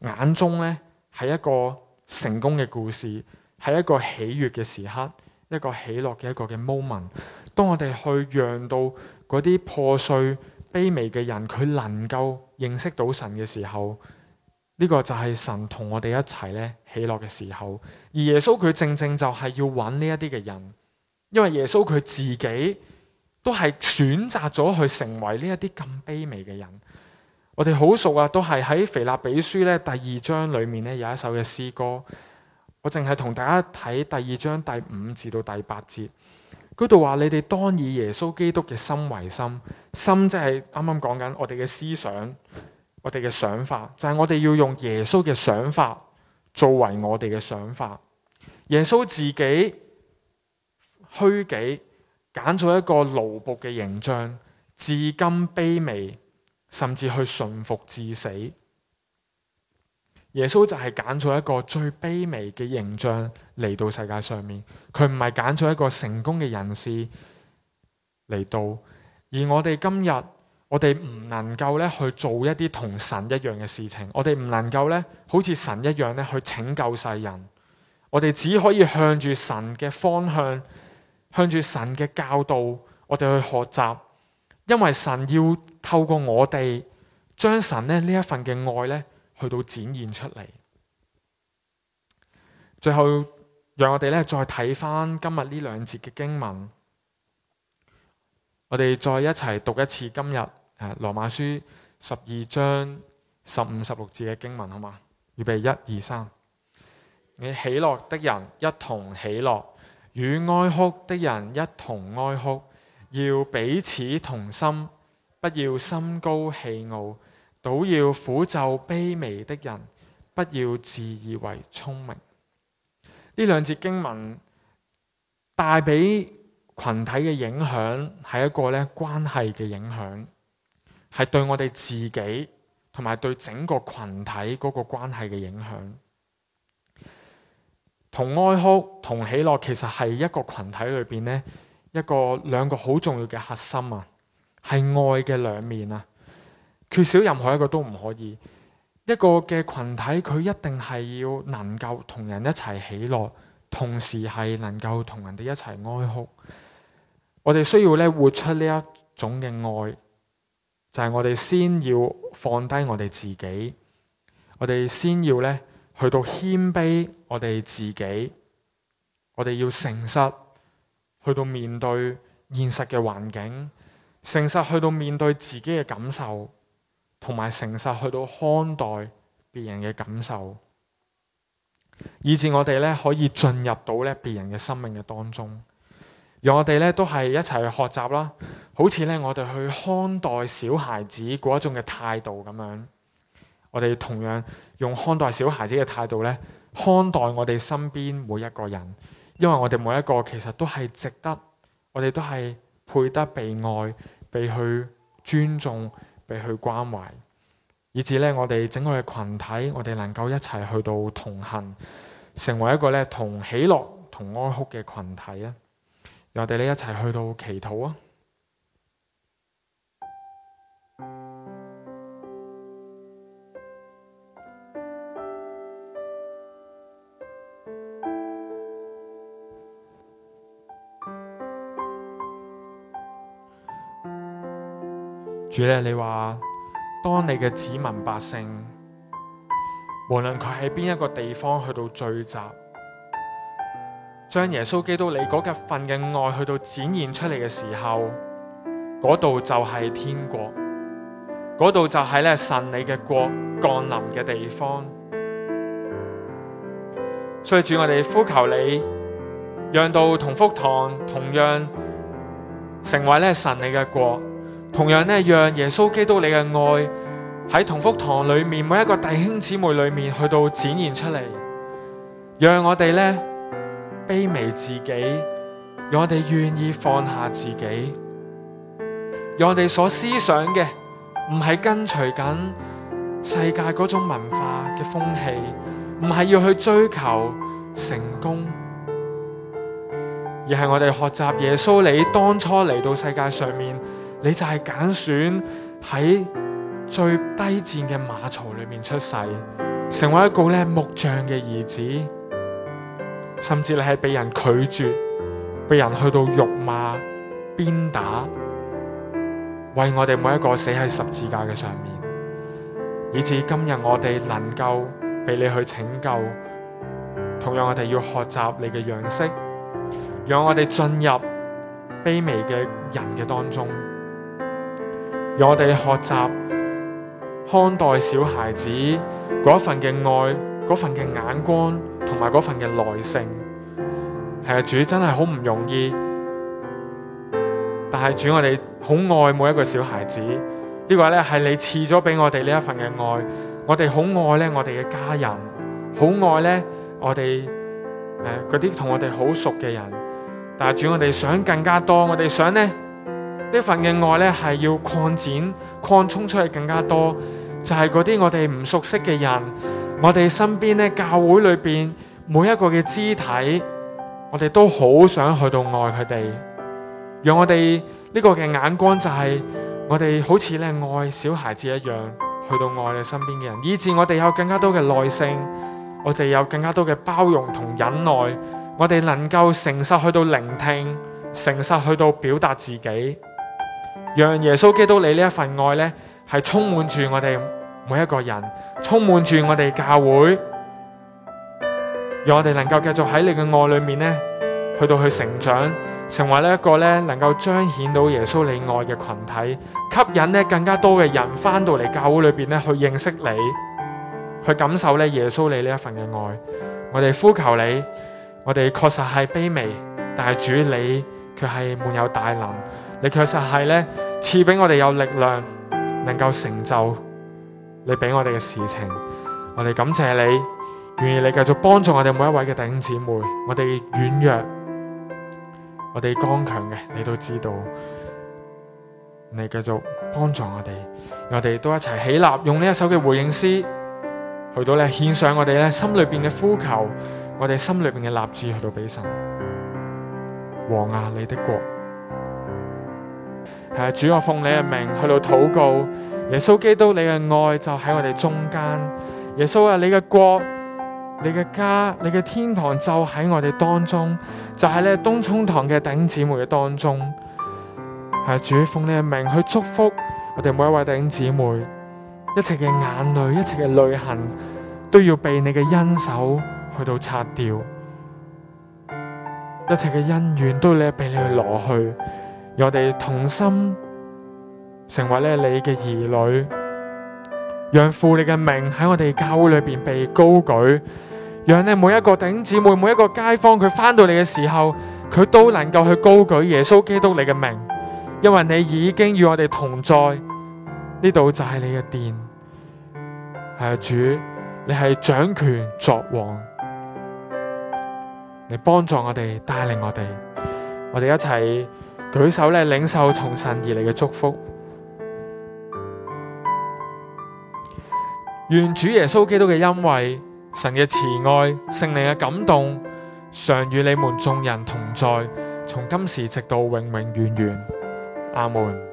眼中呢，係一個成功嘅故事，係一個喜悦嘅時刻，一個喜樂嘅一個嘅 moment。當我哋去讓到嗰啲破碎、卑微嘅人，佢能夠。認識到神嘅時候，呢個就係神同我哋一齊咧喜樂嘅時候。而耶穌佢正正就係要揾呢一啲嘅人，因為耶穌佢自己都係選擇咗去成為呢一啲咁卑微嘅人。我哋好熟啊，都係喺腓立比書咧第二章裏面咧有一首嘅詩歌，我淨係同大家睇第二章第五至到第八節。嗰度話你哋當以耶穌基督嘅心為心，心即係啱啱講緊我哋嘅思想，我哋嘅想法就係、是、我哋要用耶穌嘅想法作為我哋嘅想法。耶穌自己虛己，揀咗一個奴僕嘅形象，至今卑微，甚至去順服至死。耶穌就係揀咗一個最卑微嘅形象嚟到世界上面，佢唔係揀咗一個成功嘅人士嚟到，而我哋今日我哋唔能夠咧去做一啲同神一樣嘅事情，我哋唔能夠咧好似神一樣咧去拯救世人，我哋只可以向住神嘅方向，向住神嘅教導，我哋去學習，因為神要透過我哋將神咧呢一份嘅愛咧。去到展現出嚟。最後讓我哋咧再睇翻今日呢兩節嘅經文，我哋再一齊讀一次今日誒、啊、羅馬書十二章十五十六節嘅經文，好嘛？預備一二三，你喜樂的人一同喜樂，與哀哭的人一同哀哭，要彼此同心，不要心高氣傲。倒要俯就卑微的人，不要自以為聰明。呢兩節經文帶俾群體嘅影響，係一個呢關係嘅影響，係對我哋自己同埋對整個群體嗰個關係嘅影響。同哀哭同喜樂，其實係一個群體裏邊呢一個兩個好重要嘅核心啊，係愛嘅兩面啊。缺少任何一個都唔可以，一個嘅群體佢一定係要能夠同人一齊喜樂，同時係能夠同人哋一齊哀哭。我哋需要咧活出呢一種嘅愛，就係我哋先要放低我哋自己，我哋先要咧去到謙卑我哋自己，我哋要誠實去到面對現實嘅環境，誠實去到面對自己嘅感受。同埋誠實去到看待別人嘅感受，以至我哋咧可以進入到咧別人嘅生命嘅當中，讓我哋咧都係一齊去學習啦。好似咧我哋去看待小孩子嗰一種嘅態度咁樣，我哋同樣用看待小孩子嘅態度咧，看待我哋身邊每一個人，因為我哋每一個其實都係值得，我哋都係配得被愛、被去尊重。俾佢關懷，以至呢，我哋整個嘅群體，我哋能夠一齊去到同行，成為一個呢同喜樂、同哀哭嘅群體啊！我哋呢一齊去到祈禱啊！主咧，你話：當你嘅子民百姓，無論佢喺邊一個地方去到聚集，將耶穌基督你嗰份嘅愛去到展現出嚟嘅時候，嗰度就係天國，嗰度就係咧神你嘅國降臨嘅地方。所以主，我哋呼求你，讓到同福堂同樣成為咧神你嘅國。同樣呢，讓耶穌基督你嘅愛喺同福堂裏面每一個弟兄姊妹裏面去到展現出嚟，讓我哋咧卑微自己，讓我哋願意放下自己，讓我哋所思想嘅唔係跟隨緊世界嗰種文化嘅風氣，唔係要去追求成功，而係我哋學習耶穌你當初嚟到世界上面。你就係揀選喺最低賤嘅馬槽裏面出世，成為一個咧木匠嘅兒子，甚至你係被人拒絕，被人去到辱罵、鞭打，為我哋每一個死喺十字架嘅上面，以至今日我哋能夠被你去拯救。同樣，我哋要學習你嘅樣式，讓我哋進入卑微嘅人嘅當中。讓我哋學習看待小孩子嗰份嘅愛、嗰份嘅眼光同埋嗰份嘅耐性，係啊主真係好唔容易，但係主我哋好愛每一個小孩子，這個、呢個咧係你賜咗俾我哋呢一份嘅愛，我哋好愛咧我哋嘅家人，好愛咧我哋誒嗰啲同我哋好熟嘅人，但係主我哋想更加多，我哋想咧。份呢份嘅愛咧，係要擴展、擴充出去更加多，就係嗰啲我哋唔熟悉嘅人，我哋身邊咧教會裏邊每一個嘅肢體，我哋都好想去到愛佢哋，讓我哋呢個嘅眼光就係、是、我哋好似咧愛小孩子一樣去到愛你身邊嘅人，以至我哋有更加多嘅耐性，我哋有更加多嘅包容同忍耐，我哋能夠誠實去到聆聽，誠實去到表達自己。讓耶穌基督你呢一份愛呢，係充滿住我哋每一個人，充滿住我哋教會，讓我哋能夠繼續喺你嘅愛裏面呢，去到去成長，成為呢一個呢能夠彰顯到耶穌你愛嘅群體，吸引呢更加多嘅人翻到嚟教會裏邊呢，去認識你，去感受呢耶穌你呢一份嘅愛。我哋呼求你，我哋確實係卑微，但係主你卻係滿有大能。你確實係咧賜俾我哋有力量，能夠成就你俾我哋嘅事情。我哋感謝你，願意你繼續幫助我哋每一位嘅弟兄姊妹。我哋軟弱，我哋剛強嘅，你都知道。你繼續幫助我哋，我哋都一齊起，起立，用呢一首嘅回應詩，去到咧獻上我哋咧心裏邊嘅呼求，我哋心裏邊嘅立志去到俾神。王啊，你的國。係主，我奉你嘅名去到禱告。耶穌基督，你嘅愛就喺我哋中間。耶穌啊，你嘅國、你嘅家、你嘅天堂就喺我哋當中，就喺你東涌堂嘅頂姊妹嘅當中。係主，我奉你嘅名去祝福我哋每一位頂姊妹，一切嘅眼淚、一切嘅淚痕，都要被你嘅恩手去到擦掉，一切嘅恩怨都要你俾你去攞去。我哋同心成為咧你嘅兒女，讓父你嘅命喺我哋教會裏邊被高舉，讓你每一個弟兄姊妹、每一個街坊，佢翻到你嘅時候，佢都能夠去高舉耶穌基督你嘅名，因為你已經與我哋同在，呢度就係你嘅殿。係啊，主，你係掌權作王，你幫助我哋，帶領我哋，我哋一齊。舉手咧，領受從神而來嘅祝福。願主耶穌基督嘅恩惠、神嘅慈愛、聖靈嘅感動，常與你們眾人同在，從今時直到永永遠遠。阿門。